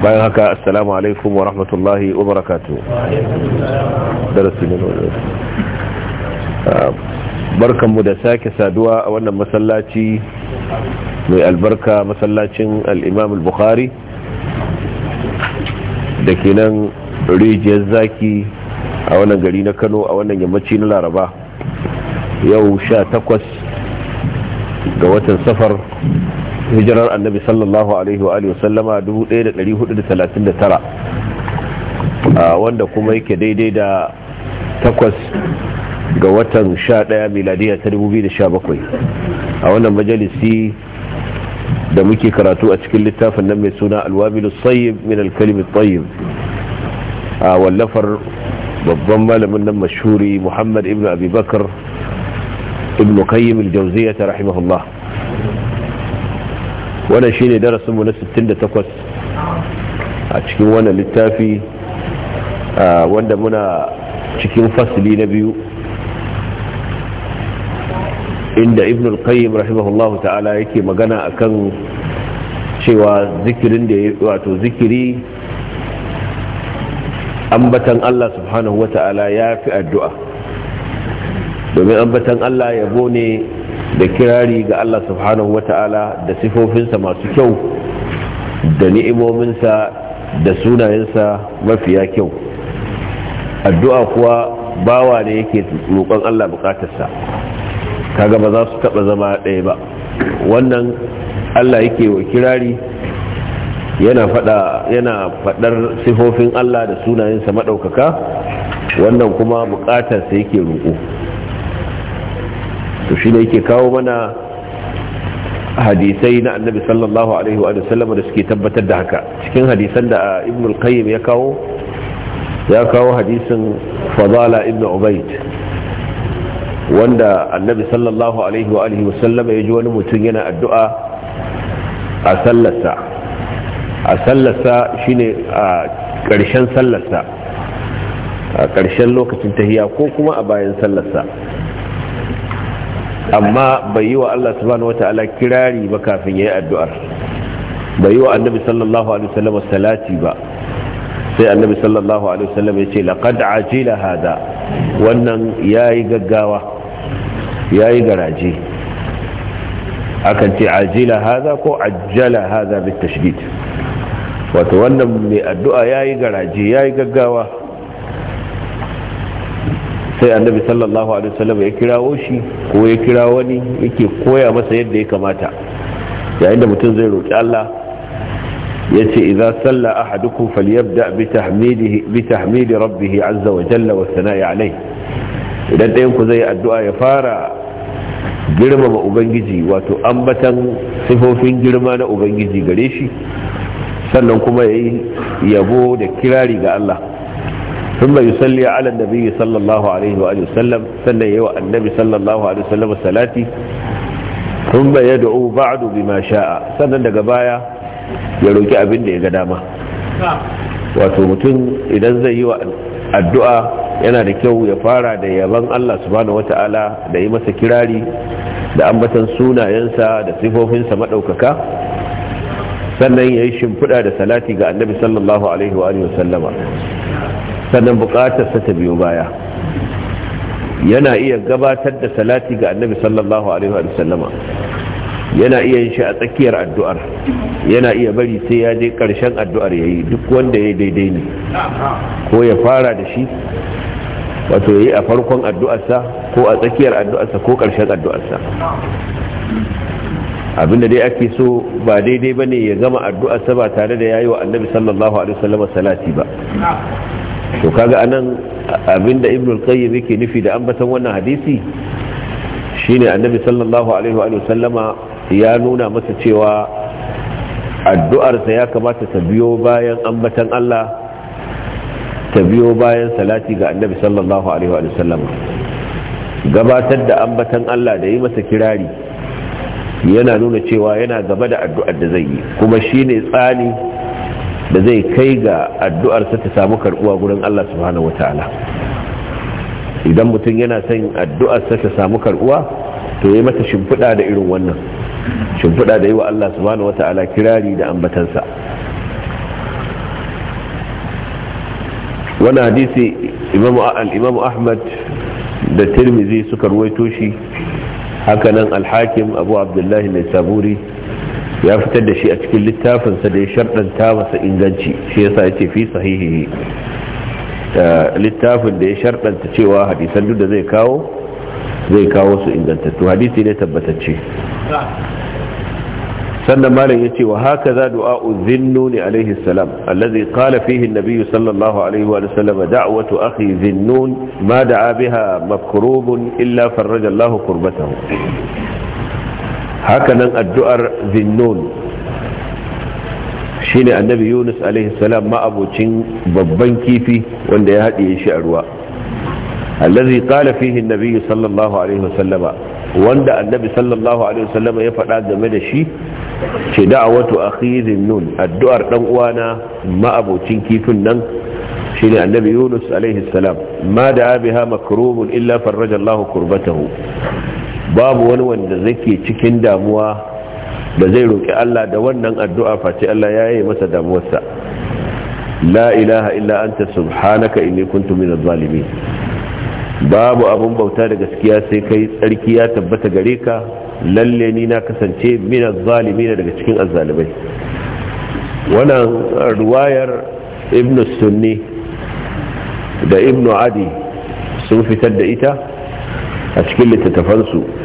bayan haka assalamu alaikum wa rahmatullahi wa barakatuh ah, barkanmu da sake saduwa a wannan masallaci mai albarka masallacin al'imam al-bukhari da ke nan rijiyar zaki a wannan gari na kano a wannan yammaci na laraba yau sha takwas ga watan safar hijirar annabi sallallahu alaihi wa sallama 1439 wanda kuma yake daidai da takwas ga watan 11 miladiya ta 2017 a wannan majalisi da muke karatu a cikin littafin nan mai suna alwabilu sayyib min alkalimi tayyib a wallafar babban malamin nan mashuri muhammad ibn abubakar ibn qayyim al-jawziyya rahimahullah wannan shine darasinmu na 68 a cikin wannan littafi wanda muna cikin fasili na biyu inda ibn al-qayyim ta'ala yake magana akan cewa zikirin da wato zikiri ambatan Allah subhanahu wa ta'ala ya fi addu'a domin ambatan Allah yabo ne da kirari ga Allah subhanahu ta'ala da sifofinsa masu kyau da ni'imominsa da sunayensa mafiya kyau addu'a kuwa bawa ne yake roƙon Allah bukatarsa kaga ba za su taɓa zama ɗaya ba wannan Allah yake wa kirari yana faɗar sifofin Allah da sunayensa maɗaukaka wannan kuma bukatarsa yake roƙo to shi da yake kawo mana hadisai na annabi sallallahu alaihi wa sallam da suke tabbatar da haka cikin hadisan da uh, ibn al-qayyim ya kawo ya kawo hadisin fadala ibn ubayd wanda annabi sallallahu alaihi wa alihi ya ji wani mutum yana addu'a a sallarsa a sallarsa shine a uh, ƙarshen sallarsa a ƙarshen lokacin tahiya ko kuma a bayan sallarsa amma bai yi wa Allah subhanahu wata'ala kirari ba kafin ya yi addu'ar bai yi wa annabi sallallahu alaihi wasallam salati ba sai annabi sallallahu alaihi wasallam ya ce laqad ajila hada wannan ya yi gaggawa ya yi garaje akan ce ajila hada ko ajjala hada bit tashdid wato wannan mai addu'a ya yi garaje ya yi gaggawa sai annabi sallallahu alaihi wasallam ya kirawo shi ko ya kira wani yake koya masa yadda ya kamata yayin da mutum zai roki Allah ya ce idza salla ahadukum falyabda bi tahmidihi bi tahmidi rabbih azza wa jalla wa sana'i alayhi idan ɗayan ku zai addu'a ya fara girmama ubangiji wato ambatan sifofin girma na ubangiji gare shi sannan kuma yayi yabo da kirari ga Allah ثم يصلي على النبي صلى الله عليه وآله وسلم سنة يوى النبي صلى الله عليه وسلم الصلاة ثم يدعو بعد بما شاء سنة نقبايا يروك أبن إقدامة وتمتن إذا زي الدعاء yana da kyau ya fara da yaban Allah subhanahu wata'ala da yi masa kirari da ambatan sunayensa da sifofinsa maɗaukaka sannan ya yi shimfiɗa da salati ga annabi sallallahu alaihi wa sallama sannan bukatarsa ta biyo baya yana iya gabatar da salati ga annabi sallallahu alaihi wa sallama yana iya yin shi a tsakiyar addu'ar yana iya bari sai ya je ƙarshen addu'ar ya yi duk wanda ya daidai ne ko ya fara da shi wato ya yi a farkon addu'arsa ko a tsakiyar addu'arsa ko ƙarshen addu'arsa abinda dai ake so ba daidai ba ya gama addu'arsa ba tare da ya yi wa annabi sallallahu alaihi salati ba to kaga anan abinda ibn al-qayyim yake nufi da ambatan wannan hadisi shine annabi sallallahu alaihi wa sallama ya nuna masa cewa addu'arsa ya kamata ta biyo bayan ambatan Allah ta biyo bayan salati ga annabi sallallahu alaihi wa sallama gabatar da ambatan Allah da yi masa kirari yana nuna cewa yana gaba da addu'ar da zai yi kuma shine tsani da zai kai ga addu'arsa ta samu karbuwa wurin Allah subhanahu wataala idan mutum yana son addu'arsa ta samu karbuwa to yi mata shimfiɗa da irin wannan shimfiɗa da yi wa Allah subhanahu wataala kirari da ambatansa wani hadisi imamu ahmad da tirmizi suka ruwaito shi hakanan alhakim abu abdullahi mai saburi ya fitar da shi a cikin littafinsa da ya sharɗanta masa inganci shi yasa ya ce fi sahihihi littafin da ya sharɗanta cewa hadisan duk da zai kawo zai kawo su ingantattu hadisi ne tabbatacce sannan malam ya ce wa haka za du'a'u zinnuni alaihi salam allazi qala fihi an sallallahu alaihi wa sallam da'watu akhi zinnun ma da'a biha makrubun illa farraja Allahu kurbatahu hakanan addu'ar zinnun shine annabi yunus alaihi salam ma'abocin babban kifi wanda ya haɗiye shi a ruwa allazi qala fihi annabi sallallahu alaihi wasallama wanda annabi sallallahu alaihi wasallama ya faɗa game da shi ce da'awatu akhi zinnun addu'ar dan uwana ma'abocin kifin nan shine annabi yunus alaihi salam ma da'a biha makrumun illa farraja Allah kurbatahu babu wani wanda zake cikin damuwa da zai roƙi Allah da wannan addu'a face Allah ya yi masa damuwarsa la ilaha illa anta subhanaka inni kuntu minaz zalimin babu abun bauta da gaskiya sai kai tsarki ya tabbata gare ka lalle ni na kasance minaz zalimin daga cikin azzalibai wannan ruwayar ibnu sunni da ibnu adi sun fitar da ita a cikin littattafansu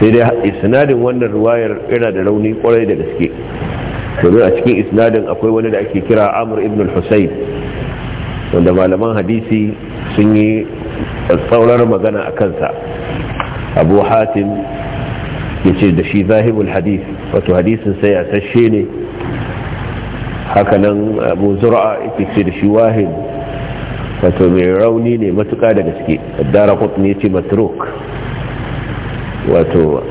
sai dai isnadin wannan ruwayar yana da rauni kwarai da gaske domin a cikin isnadin akwai wani da ake kira amur ibn al-husayn wanda malaman hadisi sun yi tsaurar magana a kansa abu hatim ya ce da shi zahimul hadis wato hadisin sai a tashe ne hakanan abu zura'a ya ce da shi wahid wato mai rauni ne matuka da gaske dara ne ce matruk wato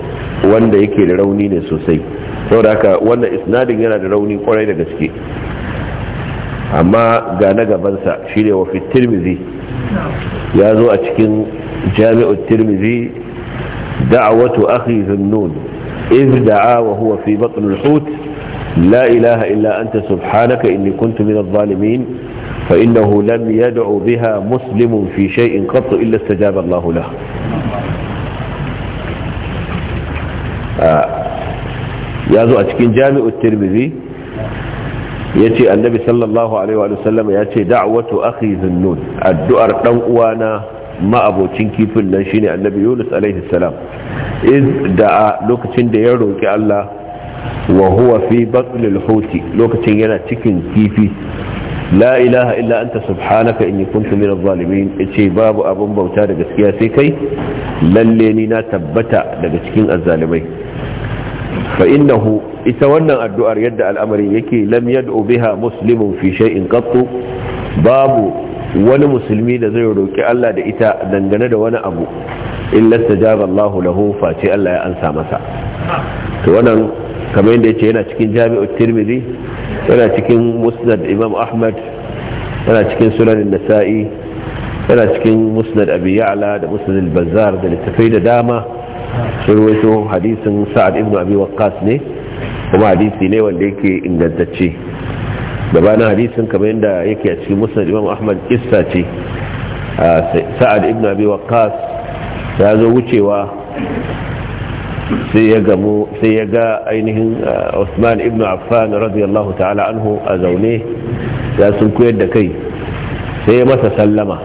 wanda yake da rauni ne sosai saboda haka wannan isnadin yana da rauni kwarai da gaske amma ga na gabansa shi ne wafi tirmizi ya zo a cikin jami'ar tirmizi da'awatu akhi zunnun iz da'a wa huwa fi batnul hut la ilaha illa anta subhanaka inni kuntu min adh-dhalimin fa innahu lam yad'u biha muslimun fi shay'in qat illa istajaba Allah lahu ya zo a cikin jami'ut tirmidhi yace annabi sallallahu alaihi wa sallam ya ce da'watu akhi zunnun addu'ar dan uwana ma'abocin kifin nan shine annabi yunus alaihi salam iz da lokacin da ya roki Allah wa huwa fi batlil huti lokacin yana cikin kifi la ilaha illa anta subhanaka inni kuntu min zalimin yace babu abun bauta da gaskiya sai kai lalle ni na tabbata daga cikin azzalimai fa innahu ita wannan addu'ar yadda al'amarin yake lam yad'u biha muslimun fi shay'in qattu babu wani musulmi da zai roki Allah da ita dangane da wani abu illa tajaba Allah lahu face Allah ya ansa masa to wannan kamar yadda yace yana cikin Jami'ut Tirmizi, yana cikin Musnad Imam Ahmad yana cikin Sunan Nasa'i yana cikin Musnad Abi Ya'la da Musnad Al-Bazzar da littafai da dama sun ruwaito hadisin sa'ad ibn abi waqqas ne kuma hadisi ne wanda yake ingantacce gabanin hadisin kamar yadda yake a cikin musnad imam ahmad isa ce sa'ad ibn abi waqqas ya zo wucewa sai ya gamu sai ya ga ainihin Usman ibn Affan radiyallahu ta'ala anhu a zaune ya sun koyar da kai sai ya masa sallama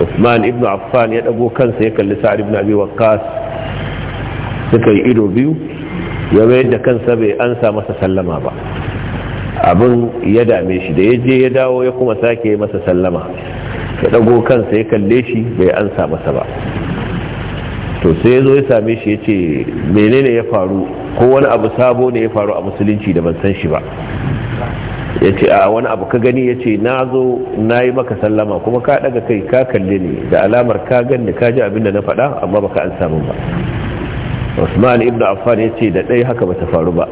Usman ibn Affan ya dago kansa ya kalli Sa'ad ibn Abi Waqqas suka yi ido biyu ya mayar da kansa bai ansa masa sallama ba abin ya dame shi da ya je ya dawo ya kuma sake masa sallama ya dago kansa ya kalle shi bai ansa masa ba to sai ya zo ya same shi ya ce menene ya faru ko wani abu sabo ne ya faru a musulunci da ban san shi ba ya ce a wani abu ka gani ya ce na zo na yi maka sallama kuma ka daga kai ka kalle ne da alamar ka gani ka ji abin da na faɗa amma baka an samu ba usman ibn affan ya ce da ɗai haka bata faru ba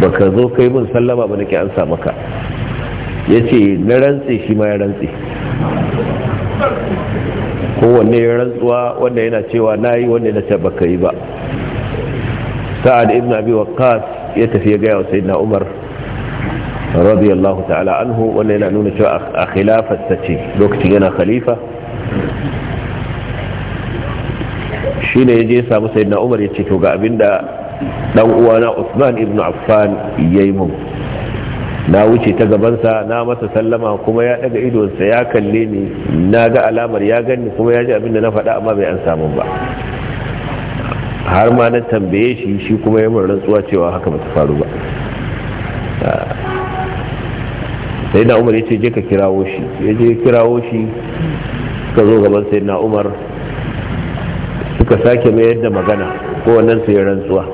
baka zo kai mun sallama ba nake an sa maka yace na rantse shi ma ya rantse wanne ya rantsuwa wanda yana cewa nayi wanda yana ce ba yi ba sa'ad ibn abi waqqas ya tafi ya gaya wa sayyidina umar radiyallahu ta'ala anhu wanda yana nuna cewa a khilafarsa ce lokacin yana khalifa shi ne ya je samu na umar ya ce to ga abinda dan uwana usman ibn affan ya yi mun na wuce ta gabansa na masa sallama kuma ya daga idonsa ya kalle ni na ga alamar ya gani kuma ya ji abinda na faɗa amma bai an samu ba har ma na tambaye shi shi kuma ya mun rantsuwa cewa haka bata faru ba sai na umar ya ce je ka kirawo shi ya je kirawo shi ka zo gaban sai na umar suka sake mayar da magana ko wannan su yi rantsuwa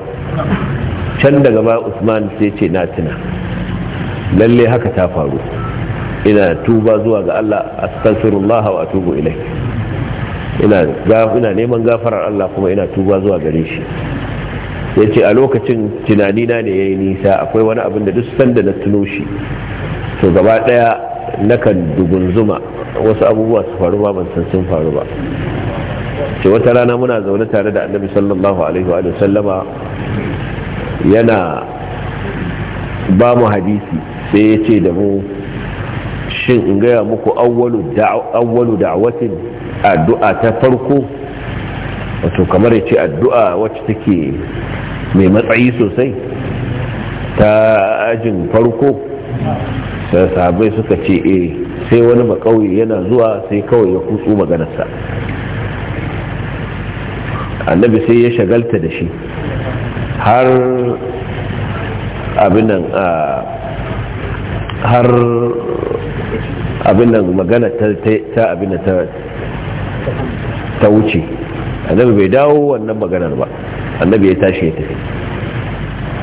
can daga ba usman sai ce na tuna lalle haka ta faru ina tuba zuwa ga Allah astaghfirullah wa atubu ilayhi ina ina neman gafarar Allah kuma ina tuba zuwa gare shi yace a lokacin tunani na ne yayi nisa akwai wani abin da duk sanda na tuno shi to gaba daya nakan dugunzuma wasu abubuwa su faru ba ban san sun faru ba ce wata rana muna zaune tare da annabi sallallahu alaihi wa sallama yana ba mu hadisi sai ya ce da mu shin in gaya muku awwalu da'awatin addu'a ta farko wato kamar ya ce addu'a wacce take mai matsayi sosai ta ajin farko sahabai suka ce eh sai wani makauye yana zuwa sai kawai ya kutsu maganarsa annabi sai ya shagalta da shi har abinan har abinan magana ta abinan ta wuce annabi bai dawo wannan maganar ba annabi ya tashi ya tafi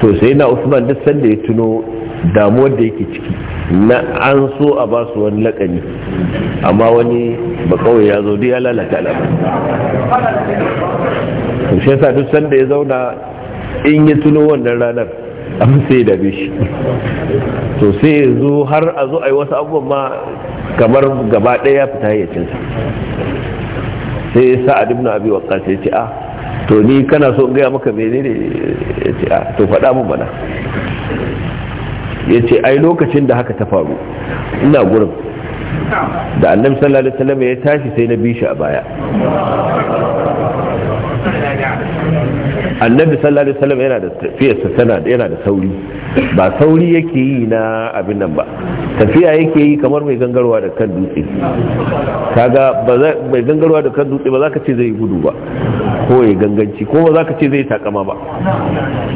to sai na usman duk sanda ya tuno damuwar da yake ciki na an so a ba su wani lakani amma wani ba kawai ya zo duk ya lalata al'amari to shi yasa duk sanda ya zauna in ya tuno wannan ranar an sai da shi to sai ya zo har a zo a yi wasu abubuwan ma kamar gaba ɗaya ya fita hayyacinsa sai ya sa a dubna abi waqqas ya ce a ah, to ni kana so gaya maka ne ya ce a ah, to faɗa mu bana ya ce ai lokacin da haka ta faru ina gurin da annabi sallallahu alaihi wasallam ya tashi sai na bi shi a baya annabi sallallahu alaihi wasallam yana da tafiyarsa tana yana da sauri ba sauri yake yi na abin nan ba tafiya yake yi kamar mai gangarwa da kan dutse kaga mai gangarwa da kan dutse ba za ka ce zai gudu ba ko ya ganganci ko ba za ka ce zai takama ba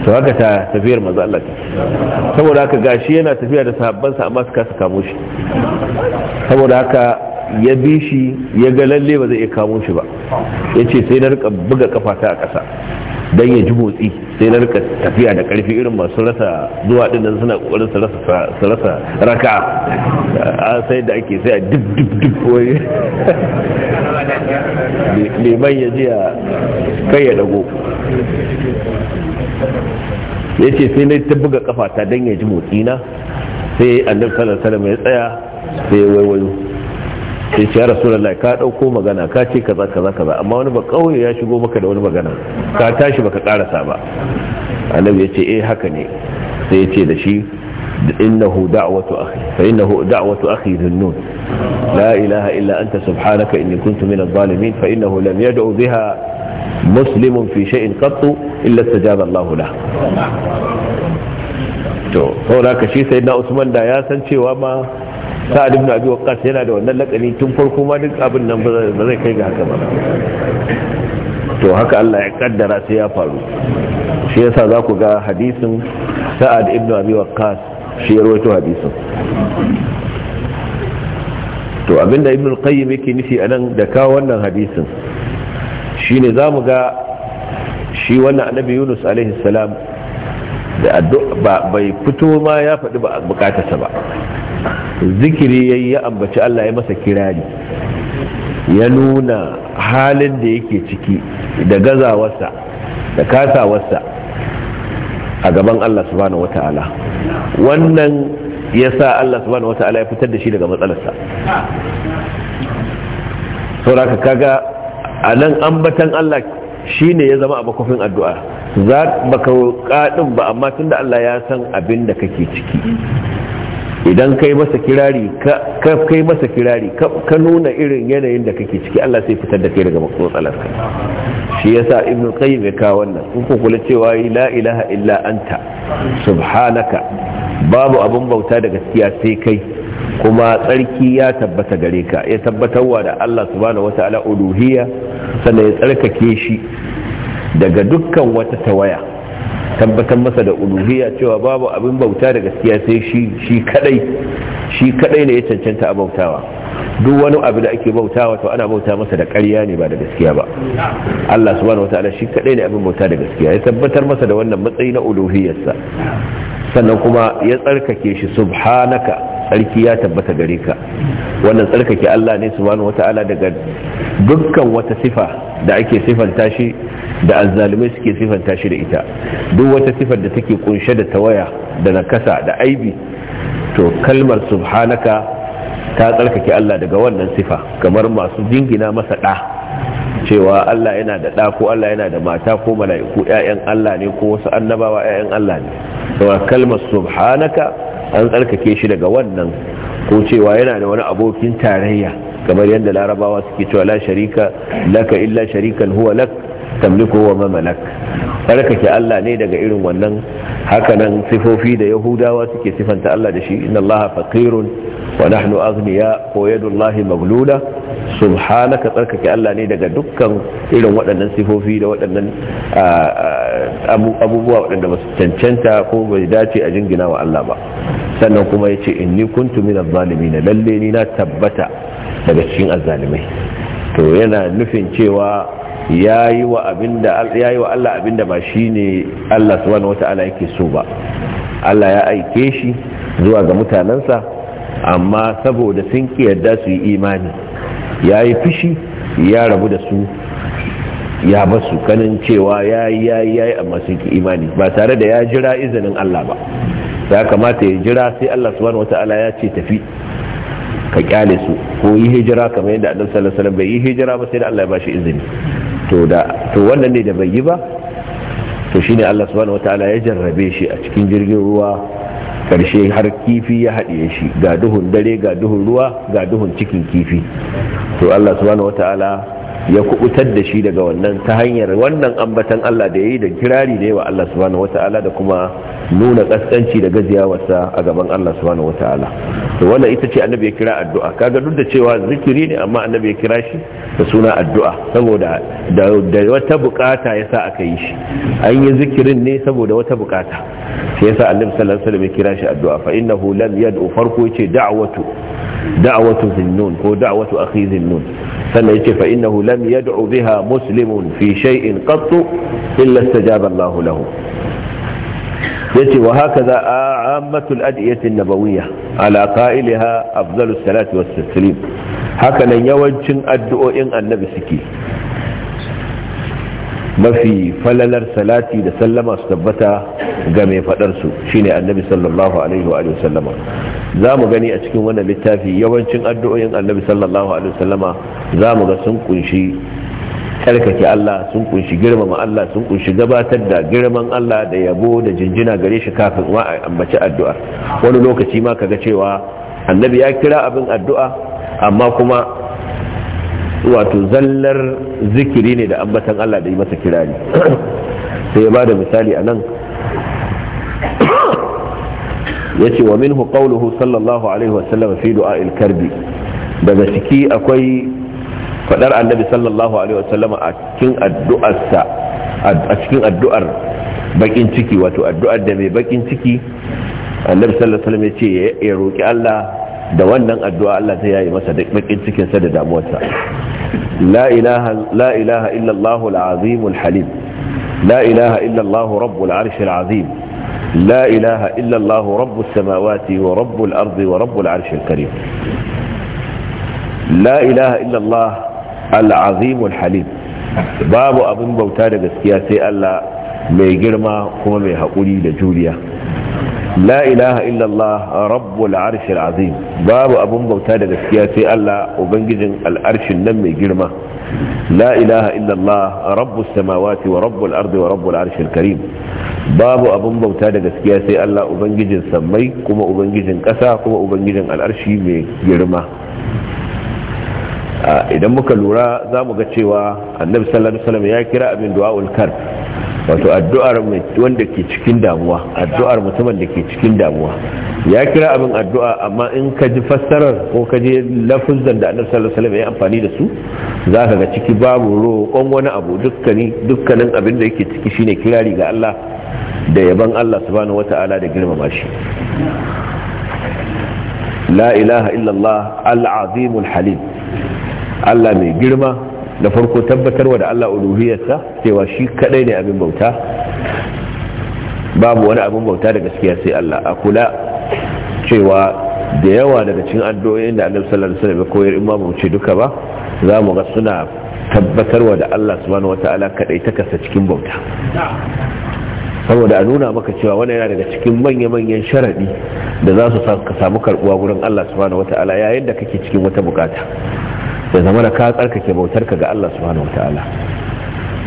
to haka ta tafiyar manzo Allah ta saboda haka gashi yana tafiya da sahabbansa amma suka saka kamo shi saboda haka ya bi shi ya ga lalle ba zai iya kamo shi ba yace sai na rika buga kafata a ƙasa Dan ya ji motsi sai na rika tafiya da karfi irin masu rasa zuwa din nan suna kokarin su rasa su rasa raka a sai da ake sai a dip dip dip wai liman ya ji kai ya dago ya ce sai na ta buga kafata dan ya ji motsi na sai annabi sallallahu alaihi wasallam ya tsaya sai ya waiwayo sai ce ya ka dauko magana ka ce kaza kaza kaza amma wani ba kauye ya shigo maka da wani magana ka tashi baka karasa ba annabi ya ce eh haka ne sai ya ce da shi إنه دعوة أخي فإنه دعوة أخي ذنون لا إله إلا أنت سبحانك إني كنت من الظالمين فإنه لم يدعو بها مسلم في شيء قط إلا استجاب الله له to saboda ka shi sai na usman da ya san cewa ma sa'ad ibn abi waqqas yana da wannan lakani tun farko ma duk abin nan ba zai kai ga haka ba to haka Allah ya kaddara sai ya faru shi yasa za ku ga hadisin sa'ad ibn abi waqqas shi ya rawaito hadisin to abinda ibn al-qayyim yake nufi anan da kawo wannan hadisin shine mu ga shi wannan annabi Yunus alaihi salam da addu'a bai fito ma ya faɗi ba bukatarsa ba zikiri yayi ya ambaci Allah ya masa kirari ya nuna halin da yake ciki da gazawarsa da kasawarsa a gaban Allah subhanahu wata'ala wannan ya sa Allah subhanahu wata'ala ya fitar da shi daga matsalarsa sauraka kaga a nan ambatan Allah Shi ne ya zama a makofin addu'a za ba ka kaɗin ba amma tun da Allah ya san abin da kake ciki idan kai masa kirari ka kai masa kirari ka nuna irin yanayin da kake ciki Allah sai fitar da kai daga matsalar ka shi yasa ibn qayyim ya kawo wannan in ku kula cewa la ilaha illa anta subhanaka babu abin bauta da gaskiya sai kai kuma tsarki ya tabbata gare ka ya tabbatarwa da Allah subhanahu wataala uluhiyya sannan ya tsarkake shi daga dukkan wata tawaya tabbatar masa da uluhiyya cewa babu abin bauta da gaskiya sai shi shi shi kadai ne ya cancanta a bautawa duk wani abu da ake bauta wato ana bauta masa da ƙarya ne ba da gaskiya ba Allah subhanahu wataala shi kadai ne abin bauta da gaskiya ya tabbatar masa da wannan matsayi na uluhiyyarsa sannan kuma ya tsarkake shi subhanaka tsarki ya tabbata gare ka wannan tsarkake Allah ne subhanahu wataala daga dukkan wata sifa da ake sifanta shi da azzalumai suke sifanta shi da ita duk wata sifar da take kunshe da tawaya da nakasa da aibi to kalmar subhanaka ta tsarkake Allah daga wannan sifa kamar masu jingina masa ɗa cewa Allah yana da ɗa ko Allah yana da mata ko mala'iku ‘ya'yan Allah ne ko wasu annabawa ‘ya'yan Allah ne saboda kalmar subhanaka an tsarkake shi daga wannan ko cewa yana da wani abokin tarayya kamar yadda larabawa suke cewa la sharika laka illa sharikan huwa lak tamliku wa mamalak barkake Allah ne daga irin wannan hakanan sifofi da yahudawa suke sifanta Allah da shi inna Allah faqirun wa nahnu aghniya ko yadullahi subhanaka tsarkake Allah ne daga dukkan irin waɗannan sifofi da waɗannan abubuwa waɗanda basu cancanta ko bai dace a jingina wa Allah ba sannan kuma yace inni kuntu minaz zalimin lalle ni na tabbata daga cikin azzalimai to yana nufin cewa yayi wa wa Allah abinda ba shine Allah subhanahu wataala yake so ba Allah ya aike shi zuwa ga mutanansa amma saboda sun ki yarda su yi imani yayi fishi ya rabu da su ya basu kanin cewa yayi yayi yayi amma sun ki imani ba tare da ya jira izinin Allah ba ya kamata ya jira sai Allah subhanahu wataala ya ce tafi ka kyale su ko yi hijira kamar yadda annabi sallallahu alaihi wasallam bai yi hijira ba sai da Allah ya bashi izini to da to wannan ne da bai yi ba to shine Allah subhanahu wataala ya jarrabe shi a cikin jirgin ruwa karshe har kifi ya haɗiye shi ga duhun dare ga duhun ruwa ga duhun cikin kifi to Allah subhanahu wataala ya kubutar da shi daga wannan ta hanyar wannan ambatan Allah da yayi da kirari da wa Allah subhanahu wataala da kuma nuna kaskanci da gaziyawarsa a gaban Allah subhanahu wataala to wannan ita ce annabi ya kira addu'a kaga duk da cewa zikiri ne amma annabi ya kira shi da suna addu'a saboda da wata bukata ya sa aka yi shi an yi zikirin ne saboda wata bukata shi ya sa annabi sallallahu alaihi ya kira shi addu'a fa innahu lam yad'u farko yace da'watu da'watu zinnun ko da'watu akhi zinnun sannan yace fa innahu lam yad'u biha muslimun fi shay'in qatt illa istajaba Allah lahu yace wa hakaza a'ammatul adiyati an-nabawiyya ala qa'ilha afdalus salati was-salam hakanan yawancin addu'o'in annabi suke mafi falalar salati da sallama su tabbata ga mai faɗarsu shine annabi sallallahu alaihi wa sallama za mu gani a cikin wannan littafi yawancin addu'o'in annabi sallallahu alaihi wa sallama za mu ga sun kunshi tsarkake Allah sun kunshi girmama Allah sun kunshi gabatar da girman Allah da yabo da jinjina gare shi kafin wa a ambaci addu'ar wani lokaci ma kaga cewa annabi ya kira abin addu'a amma kuma wato zallar zikiri ne da ambatan Allah da yi masa kirari sai ya ba da misali a nan ya ce wa minhu qawluhu sallallahu alaihi wasallam fi du'a karbi daga ciki akwai fadar annabi sallallahu alaihi wasallam a cikin addu'arsa a cikin addu'ar bakin ciki wato addu'ar da mai bakin ciki annabi sallallahu alaihi wasallam ya ce ya roki Allah da wannan addu'a Allah zai yayi masa da bakin cikin sa da damuwarsa la ilaha la ilaha illa Allah al-azim al-halim la ilaha illa allahu rabbul arsh al-azim la ilaha illa allahu rabbus samawati wa rabbul ardi wa rabbul arsh al-karim la ilaha illa Allah al-azim al-halim babu abin bauta da gaskiya sai Allah mai girma kuma mai haƙuri da juriya la ilaha illallah rabbul arshil azim babu abun bauta da gaskiya sai Allah ubangijin al'arshin nan mai girma la ilaha illallah rabbus samawati wa rabbul ardi wa rabbul arshil karim babu abun bauta da gaskiya sai Allah ubangijin sammai kuma ubangijin ƙasa kuma ubangijin al'arshi mai girma idan muka lura za mu ga cewa annabi sallallahu alaihi ya kira abin du'a'ul karb wato addu'ar wanda ke cikin damuwa addu'ar mutumin da ke cikin damuwa ya kira abin addu'a amma in ka ji fassarar ko ka ji lafuzan da annabi sallallahu alaihi wasallam ya amfani da su za ka ga ciki babu roƙon wani abu dukkanin abin da yake ciki shine kirari ga Allah da yaban Allah subhanahu wataala da girmama shi la ilaha illallah al-azimul halim Allah mai girma da farko tabbatarwa da Allah uluhiyarsa cewa shi kadai ne abin bauta babu wani abin bauta da gaskiya sai Allah a kula cewa da yawa daga cikin addu'o'in da Annabi sallallahu alaihi wasallam koyar in ma mu ce duka ba za mu ga suna tabbatarwa da Allah subhanahu wataala kadai ta kasa cikin bauta saboda a nuna maka cewa wani yana daga cikin manya-manyan sharadi da za su samu karbuwa gurin Allah subhanahu wataala yayin da kake cikin wata bukata da zama da ka tsarkake bautar ka ga Allah subhanahu wataala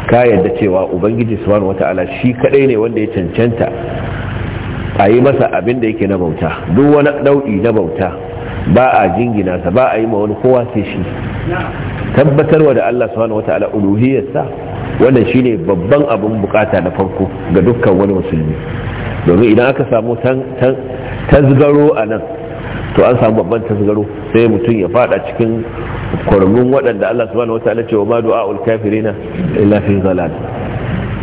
ka yadda cewa ubangiji subhanahu wataala shi kadai ne wanda ya cancanta a yi masa abin da yake na bauta duk wani nau'i na bauta ba a jingina sa ba a yi ma wani kowa sai shi tabbatarwa da Allah subhanahu wataala uluhiyarsa wannan shine babban abin bukata na farko ga dukkan wani musulmi domin idan aka samu tazgaro a nan to an samu babban tazgaro sai mutum ya fada cikin kwarbin waɗanda Allah subhanahu wataala ce wa ma du'a'ul kafirina illa fi zalal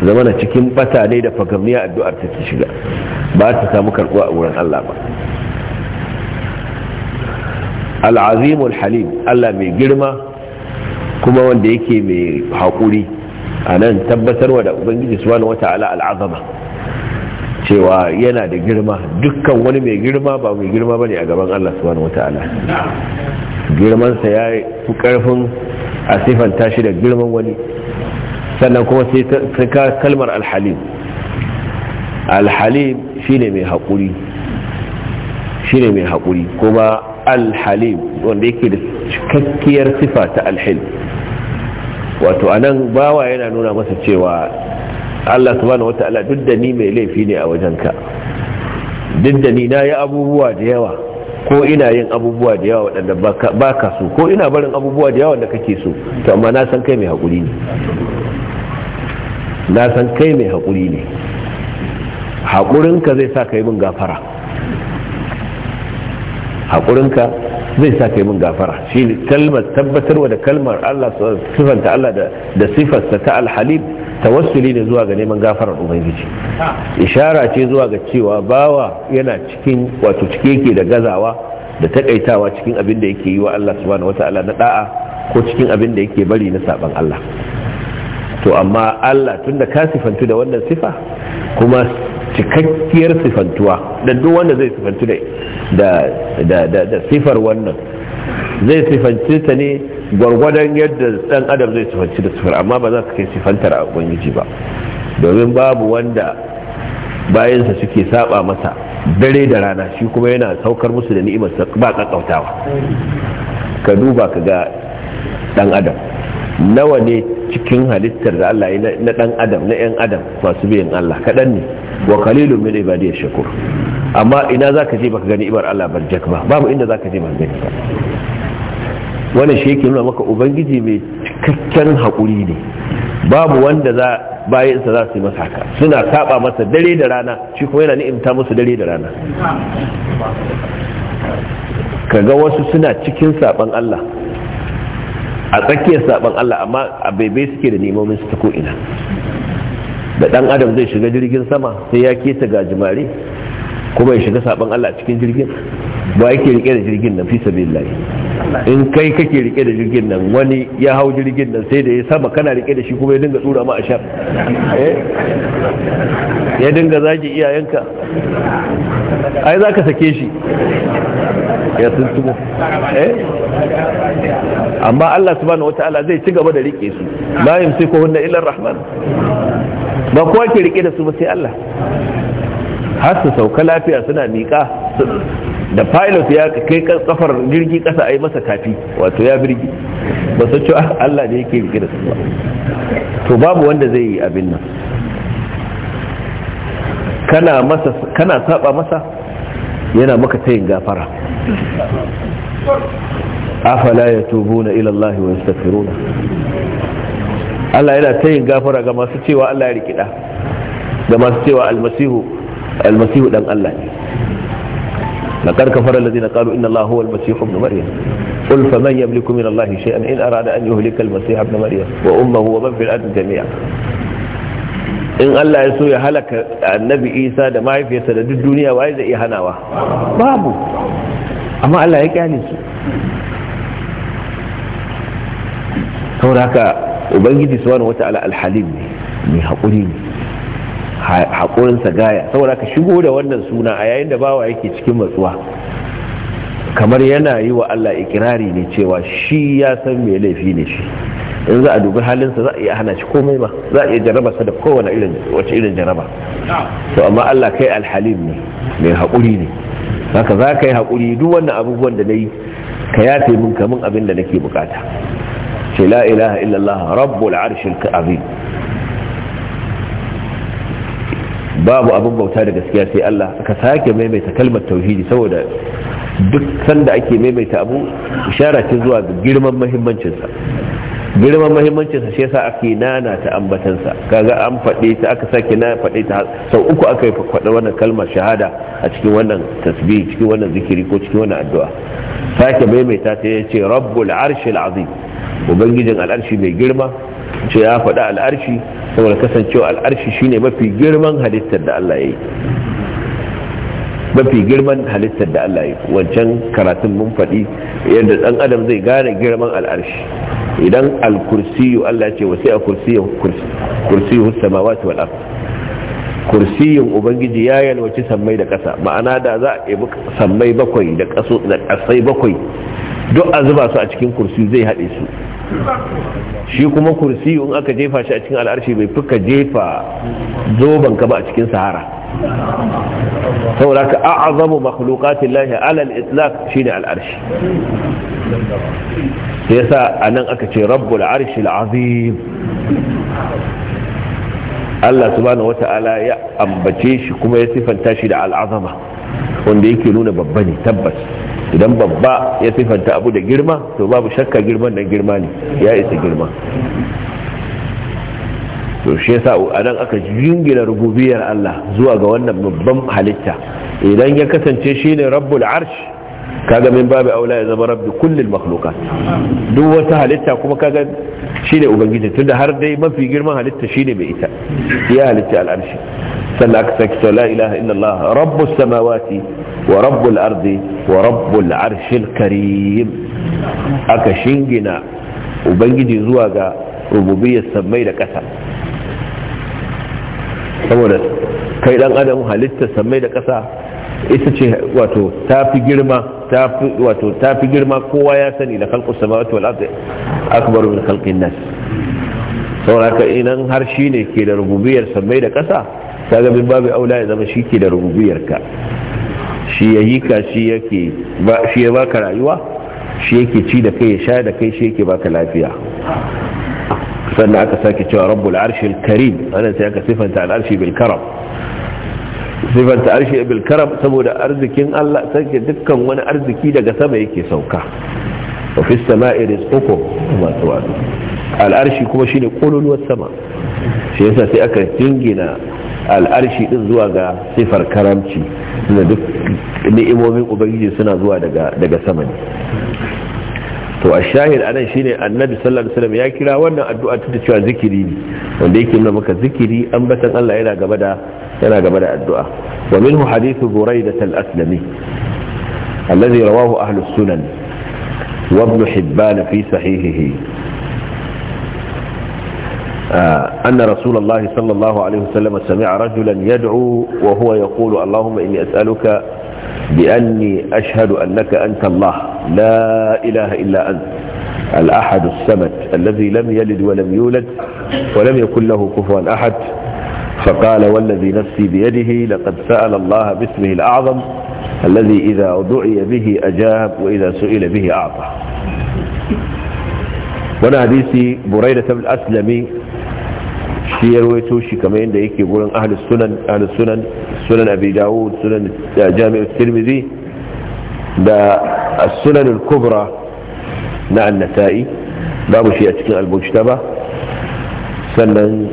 zamana cikin bata ne da fagamniya addu'ar ta ke shiga ba ta samu karɓuwa a wurin Allah ba al-azim al-halim Allah mai girma kuma wanda yake mai haƙuri anan tabbatarwa da ubangiji subhanahu wataala al-azama cewa yana da girma dukkan wani mai girma ba mai girma ba ne a gaban Allah subhanahu ta'ala. girmansa ya fi karfin a sifanta tashi da girman wani sannan kuma sai ka kalmar alhalim alhalim shine mai haƙuri shine mai haƙuri kuma alhalim wanda yake da cikakkiyar sifa ta alhil wato anan bawa yana nuna masa cewa Allah subhanahu wataala duk da ni mai laifi ne a wajenka duk da ni na yi abubuwa da yawa ko ina yin abubuwa da yawa waɗanda ba ka so ko ina barin abubuwa da yawa da kake so to amma na san kai mai haƙuri ne na san kai mai haƙuri ne haƙurinka zai sa ka yi min gafara haƙurinka zai sa ka yi min gafara shi kalmar tabbatarwa da kalmar Allah sifanta Allah da sifarsa ta alhalib tawassuli ne zuwa ga neman gafarar ubangiji ishara ce zuwa ga cewa bawa yana cikin wato cike yake da gazawa da takaitawa cikin abin da yake yi wa Allah subhanahu wata'ala na da'a ko cikin abin da yake bari na saban Allah to amma Allah tunda ka sifantu da wannan sifa kuma cikakkiyar sifantuwa da duk wanda zai sifantu da da da sifar wannan zai sifanci ta ne gwargwadon yadda dan adam zai sifanci da sifar amma ba za ka kai sifantar a ubangiji ba domin babu wanda bayansa suke saba masa dare da rana shi kuma yana saukar musu da ni'imar ba kakkautawa ka duba ka ga dan adam nawa ne cikin halittar da Allah ya na dan adam na yan adam masu biyan Allah kadan ne wa qalilun min ibadiyash shakur amma ina zaka je baka gani ibar Allah barjak ba babu inda zaka je ba gani ba Wani shi yake nuna maka ubangiji mai cikakken haƙuri ne babu wanda za bayansa za su yi masa haka suna saba masa dare da rana shi kuma yana ni'imta musu dare da rana Ka ga wasu suna cikin saban Allah a tsakiyar saban Allah amma a bebe suke da nemomin su ta ko'ina da ɗan adam zai shiga jirgin sama sai ya keta gajimare kuma ya shiga saban Allah cikin jirgin ba yake rike da jirgin nan fi sabilillah in kai kake rike da jirgin nan wani ya hau jirgin nan sai da ya saba kana rike da shi kuma ya dinga tsura ma a sha eh? ya dinga zagi iyayenka ai za ka sake shi ya sun tumo. Eh? amma Allah subhanahu wata'ala zai ci gaba da rike su la yumsikuhunna illa ar-rahman ba kowa ke rike da su ba sai Allah har su sauka lafiya suna miƙa da pilot ya kai kafar jirgi kasa a yi masa kafi wato ya birgi ba su ci ah, Allah ne yake riƙe da su ba to babu wanda zai yi abin nan kana masa kana saba masa yana maka tayin gafara afala yatubuna ila Allah wa yastaghfiruna Allah yana tayin gafara ga masu cewa Allah ya rikida ga masu cewa almasihu almasihu dan Allah ne لقد كفر الذين قالوا إن الله هو المسيح ابن مريم قل فمن يملك من الله شيئا إن أراد أن يهلك المسيح ابن مريم وأمه ومن في الأرض جميعا in Allah ya so ya halaka annabi Isa da mahaifiyarta da duk duniya waye zai iya hanawa babu amma Allah ya kyale su saboda haka ubangiji subhanahu wata'ala alhalim ne mai hakuri ne haƙurinsa gaya saboda ka shigo da wannan suna a yayin da bawa yake cikin matsuwa kamar yana yi wa Allah ikirari ne cewa shi ya san mai laifi ne shi in za a dubi halinsa za a iya hana shi komai ma za a iya jaraba sa da kowane irin wace irin jaraba to amma Allah kai alhalim ne mai haƙuri ne haka za ka yi haƙuri duk wannan abubuwan da na yi ka yafe min kamin abin da nake bukata ce la ilaha illallah rabbul arshil azim babu abin bauta da gaskiya sai Allah aka sake maimaita kalmar tauhidi saboda duk sanda ake maimaita abu ishara ce zuwa ga girman mahimmancinsa girman mahimmancinsa shi yasa ake nana ta ambatansa kaga an faɗe ta aka sake na faɗe ta sau uku aka yi faɗa wannan kalmar shahada a cikin wannan tasbih cikin wannan zikiri ko cikin wannan addu'a sake maimaita ta ya ce rabbul arshil azim ubangijin al'arshi mai girma ce ya faɗi al'arshi saboda kasancewa al'arshi shine mafi girman halittar da Allah ya yi mafi girman halittar da Allah ya yi wancan karatun mun faɗi yadda ɗan adam zai gane girman al'arshi idan al-kursiyu Allah ce wasu a kursiyu kursiyu samawati wal ard kursiyin ubangiji ya yalwaci sammai da ƙasa ma'ana da za a yi sammai bakwai da ƙasai bakwai duk a zuba su a cikin kursi zai haɗe su shi kuma kursi in aka jefa shi a cikin al'arshi bai fuka jefa zoban ka ba a cikin sahara saboda ka a'azamu makhluqatin lahi alal al-itlaq shine al'arshi sai yasa anan aka ce rabbul arshil azim Allah subhanahu wata'ala ya ambace shi kuma ya sifanta shi da al'azama wanda yake nuna babba ne tabbas idan babba ya sifanta abu da girma to babu shakka girman nan girma ne ya isa girma to shi yasa a nan aka jingina rububiyar Allah zuwa ga wannan babban halitta idan ya kasance shine rabbul arsh kaga min babu aula ya zama rabbi kullil makhluqat duk wata halitta kuma kaga shine ubangiji tunda har dai mafi girman halitta shine mai ita ya halitta al'arshi sannan aka saki ta la ilaha illallah rabbus samawati wa rabbul ardi wa rabbul arshil karim aka shingina ubangiji zuwa ga rububiyyar sammai da ƙasa saboda kai dan adam halitta samai da ƙasa ita ce wato ta fi girma wato ta fi girma kowa ya sani da khalqus samawati wal ardi akbar min khalqin nas saboda idan har shi ne ke da rububiyar sammai da ƙasa Ta min babu aula ya zama shi ke da rububiyar ka shi ya yi ka shi yake ba shi ya baka rayuwa shi yake ci da kai ya sha da kai shi yake baka lafiya sannan aka sake cewa rabbul arshil karim anan sai aka sifanta al arshi bil karam sifanta arshi bil karam saboda arzikin Allah sake dukkan wani arziki daga sama yake sauka wa fi sama'i rizqukum ma tuwadu al arshi kuma shine qulul sama shi yasa sai aka jingina al'arshi din zuwa ga sifar karamci da duk ni'imomin ubangiji suna zuwa daga sama ne to a shahid anan shine annabi sallallahu alaihi wasallam ya kira wannan addu'a ta cewa zikiri ne wanda yake nuna maka zikiri ambatan Allah yana gaba da yana جبل الدعاء ومنه حديث بريدة الأسلمي الذي رواه أهل السنن وابن حبان في صحيحه آه، أن رسول الله صلى الله عليه وسلم سمع رجلا يدعو وهو يقول اللهم إني أسألك بأني أشهد أنك أنت الله لا إله إلا أنت الأحد السمت الذي لم يلد ولم يولد ولم يكن له كفوا أحد فقال والذي نفسي بيده لقد سأل الله باسمه الأعظم الذي إذا دعي به أجاب وإذا سئل به أعطى وانا حديثي بريدة بن أسلمي في يروي توشي كمين ده يقولون أهل السنن أهل السنن سنن أبي داود سنن جامع الترمذي ده السنن الكبرى نعم النتائي ده مشيئة المجتبى سنن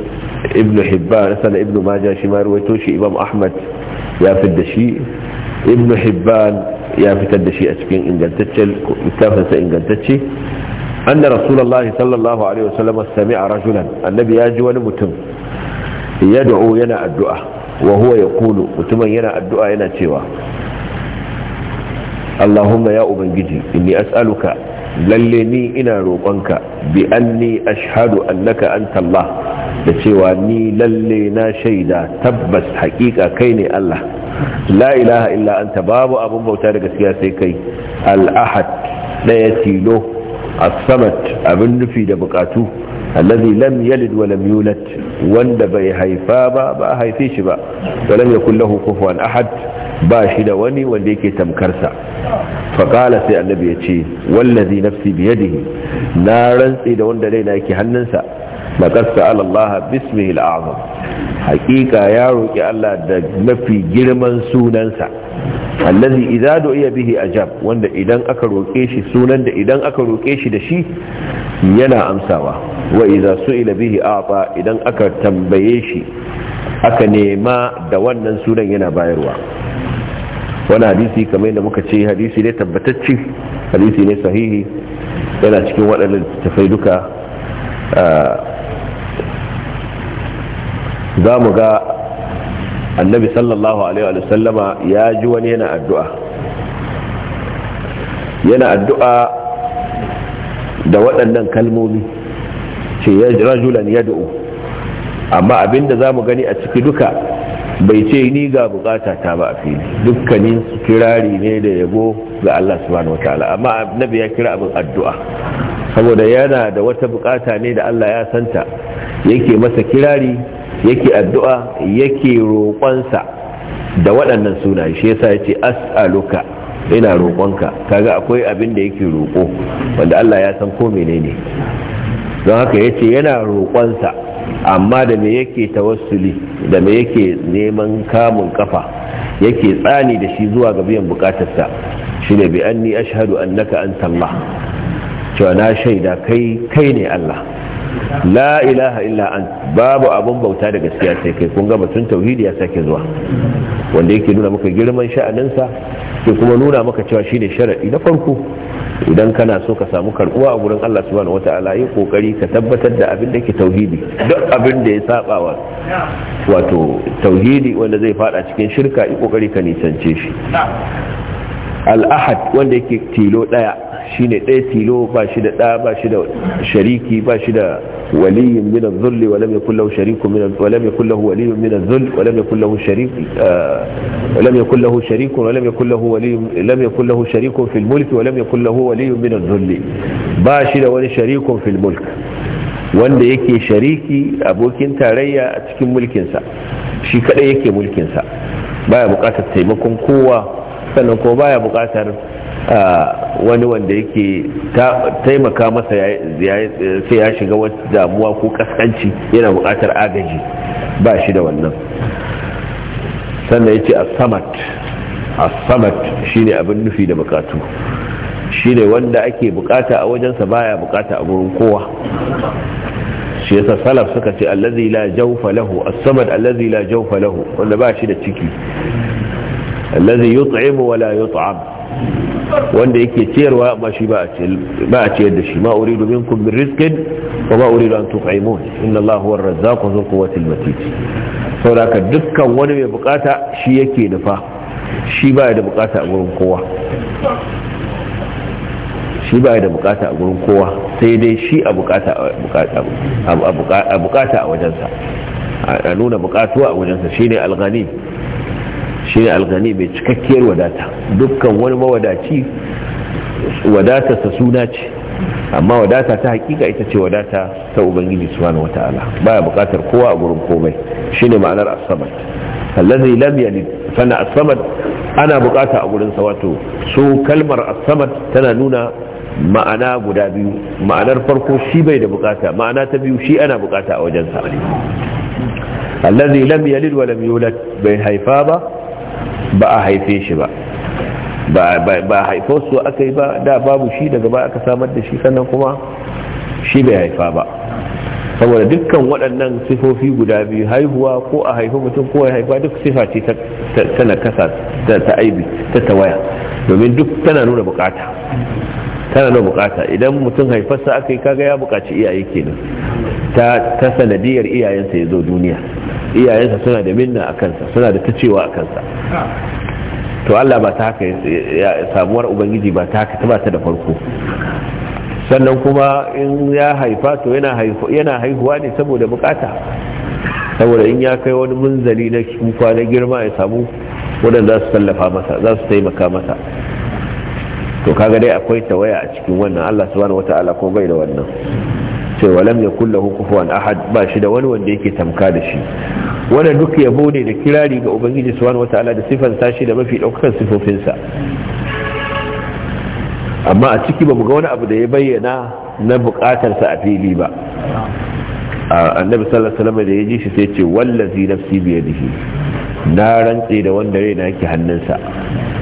ibn hibban sana ibn majah shi ma ruwaito shi imam ahmad ya fitar shi ibn hibban ya fitar da shi a cikin ingantaccen littafinsa ingantacce anna rasulullahi sallallahu alaihi wasallam sami'a rajulan annabi ya ji wani mutum yad'u yana addu'a wa huwa yaqulu mutumin yana addu'a yana cewa Allahumma ya ubangiji inni as'aluka lalle ni ina roƙonka bi anni ashhadu annaka anta Allah da cewa ni lalle na shaida tabbas hakika kai ne Allah la ilaha illa anta babu abun bauta da gaskiya sai kai al-ahad daya tilo as-samad abin nufi da bukatu allazi lam yalid wa lam yulad wanda bai haifa ba ba haife shi ba wa lam yakul lahu kufuwan ahad ba shi da wani wanda yake tamkarsa faƙala sai annabi ya ce wallazi nafsi biyadihi na rantsi da wanda raina yake hannunsa laqad sa'ala Allah bismihi al-a'zam haqiqa ya roki Allah da mafi girman sunansa allazi idza wanda idan aka roke a sunan idan aka roke shi da shi yana amsawa wa idza su'ila bihi a'ta idan aka tambaye shi aka nema da wannan sunan yana bayarwa wani hadisi kamar da muka ce hadisi ne tabbatacce hadisi ne sahihi yana cikin waɗannan tafai duka za mu ga annabi sallallahu alaihi wa sallama ya ji wani yana addu'a yana addu'a da waɗannan kalmomi ce ya rajulan ya amma abinda za mu gani a ciki duka bai ce ni ga bukata ta ba a fili dukkanin su kirari ne da yabo ga Allah subhanahu Ta'ala, amma annabi ya kira abin addu'a saboda yana da wata bukata ne da Allah ya santa yake masa kirari yake addu'a yake roƙonsa da waɗannan sunaye shi yasa yace as'aluka ina roƙonka kaga akwai abin da yake roƙo wanda Allah ya san ko menene don haka ya ce yana roƙonsa amma da me yake tawassuli da me yake neman kamun kafa yake tsani da shi zuwa ga biyan bukatarsa shine bi anni ashhadu annaka anta Allah cewa na shaida kai kai ne Allah la ilaha illa an babu abun bauta da gaskiya sai kai kun ga batun tauhidi ya sake zuwa wanda yake nuna maka girman sha'anin sa ke kuma nuna maka cewa shine sharadi na farko idan kana so ka samu karbuwa a gurin Allah subhanahu wataala yi kokari ka tabbatar da abin da ke tauhidi duk abin da ya saba wa wato tauhidi wanda zai fada cikin shirka yi kokari ka nisance shi al-ahad wanda yake tilo daya shine ɗaya tilo ba shi da ɗa ba shi da shariki ba shi da waliyin min az-zull wa lam yakul lahu sharikun min wa lam kullahu lahu waliyyun min az-zull wa lam yakul lahu uh, wa lam yakul lahu wa lam yakul lahu waliyyun lam yakul fil mulk wa lam yakul lahu waliyyun min ba shi da wani sharikun fil mulk wanda yake shariki abokin tarayya a cikin mulkinsa shi kadai yake mulkinsa baya bukatar taimakon kowa sannan kuma baya bukatar wani wanda yake taimaka masa sai ya shiga wata damuwa ko kaskanci yana buƙatar agaji ba shi da wannan sannan ya ce asamat asamat shi ne abin nufi da bukatu shi ne wanda ake bukata a wajensa baya bukata a gurin kowa shi yasa salaf suka ce allazi la jawfa lahu as-samad allazi la jawfa lahu wanda ba shi da ciki allazi yut'imu wa yut'am wanda yake ciyarwa ba shi ba a ciyar da shi ma uridu minkum min rizqin wa ma uridu an tut'imun inna allaha huwa ar-razzaqu dhul quwwati al-matin saboda dukkan wani mai bukata shi yake nufa shi ba da bukata a gurin kowa shi ba da bukata a gurin kowa sai dai shi a bukata a bukata a wajensa a nuna bukatuwa a wajensa shine al-ghani shi ne algani mai cikakkiyar wadata dukkan wani mawadaci wadatarsa suna ce amma wadata ta hakika ita ce wadata ta ubangiji subhanahu wataala baya bukatar kowa a gurin komai shine ma'anar as-samad allazi lam yalid sana as-samad ana bukata a gurin sa wato su kalmar as-samad tana nuna ma'ana guda biyu ma'anar farko shi bai da bukata ma'ana ta biyu shi ana bukata a wajen sa allazi lam yalid wa lam yulad bai haifa ba ba a haife shi ba ba haifarsu aka yi ba da babu shi daga ba aka samar da shi sannan kuma shi bai haifa ba saboda dukkan waɗannan sifofi guda biyu haihuwa ko a haifi mutum ko a haifa duk sifa ce ta kasa ta aibi ta tawaya domin duk tana nuna bukata tana nuna bukata idan mutum haifarsa aka yi kaga ya bukaci iyaye kenan ta ta sanadiyar iyayensa ya zo duniya iyayensa suna da minna a kansa suna da ta cewa a kansa to Allah ba ta haka samuwar ubangiji ba ta haka ta ba ta da farko sannan kuma in ya haifa to yana haihuwa ne saboda bukata saboda in ya kai wani munzali na kuka na girma ya samu wannan za su tallafa masa za su taimaka masa to kaga dai akwai tawaya a cikin wannan Allah subhanahu wata'ala ko bai da wannan ce walam ya kulla kufuwan ahad ba shi da wani wanda yake tamka da shi wanda duk yabo ne da kirari ga ubangiji subhanahu wataala da sifan tashi da mafi daukar sifofinsa amma a ciki bamu ga wani abu da ya bayyana na bukatar sa a fili ba annabi sallallahu alaihi wasallam da ya ji shi sai ce wallazi nafsi bi yadihi na rantse da wanda rai na yake hannunsa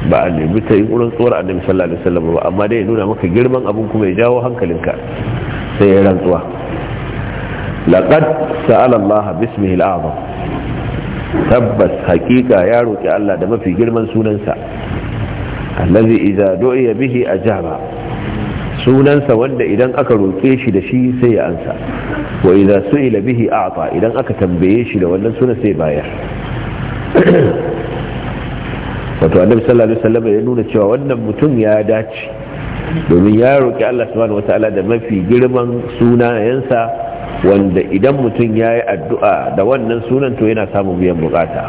ba a nemi ta yi wurin tsoron annabi sallallahu alaihi wasallam ba amma dai ya nuna maka girman abin kuma ya jawo hankalinka sai ya rantsuwa laqad sa'ala Allah bismihi al tabbas hakika ya roki Allah da mafi girman sunansa allazi idza du'iya bihi ajaba sunansa wanda idan aka roke shi da shi sai ya ansa wa idza su'ila bihi a'ta idan aka tambaye shi da wannan sunan sai bayar wato annabi sallallahu alaihi wasallam ya nuna cewa wannan mutum ya dace domin ya roƙi Allah subhanahu wataala da mafi girman sunayensa wanda idan mutum ya yi addu'a da wannan sunan to yana samun biyan bukata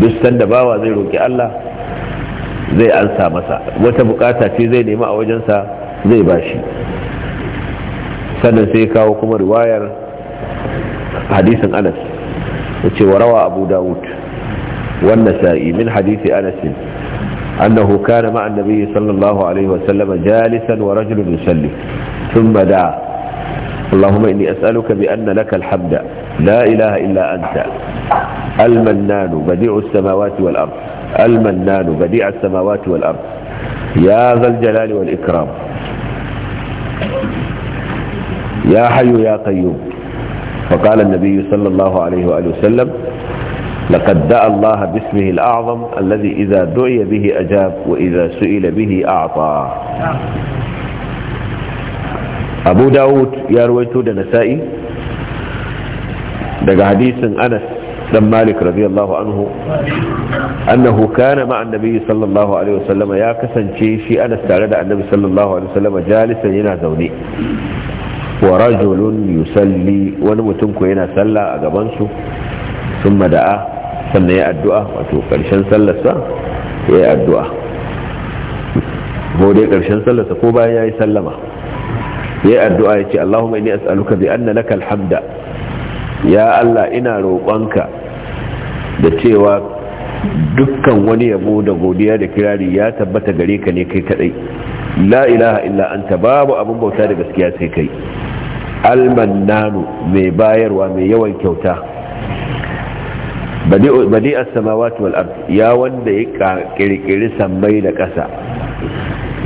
duk sanda bawa zai roƙi Allah zai ansa masa wata bukata ce zai nema a wajensa zai bashi sannan sai kawo kuma riwayar hadisin Anas da wa rawa Abu Dawud wannan sa'i min hadisi anasin أنه كان مع النبي صلى الله عليه وسلم جالسا ورجل يسلم ثم دعا اللهم إني أسألك بأن لك الحمد لا إله إلا أنت المنان بديع السماوات والأرض المنان بديع السماوات والأرض يا ذا الجلال والإكرام يا حي يا قيوم فقال النبي صلى الله عليه وآله وسلم لقد دعا الله باسمه الأعظم الذي إذا دعي به أجاب وإذا سئل به أعطى أبو داود يرويته نسائي دقى حديث أنس بن مالك رضي الله عنه أنه كان مع النبي صلى الله عليه وسلم يا كسن شيشي أنس تعرض النبي صلى الله عليه وسلم جالسا زوني ورجل يسلي ونمتنك سلا أقبانسه sun mada'a sannan ya addu'a wato ƙarshen sallarsa ya yi addu'a ko dai ƙarshen sallarsa ko bayan ya yi sallama ya yi addu'a ya ce Allahumma inni as'aluka bi anna alhamda ya Allah ina roƙonka da cewa dukkan wani yabo da godiya da kirari ya tabbata gare ka ne kai kadai la ilaha illa anta babu abun bauta da gaskiya sai kai almannanu mai bayarwa mai yawan kyauta badi as-samawati wal ard ya wanda ya kirkiri sammai da ƙasa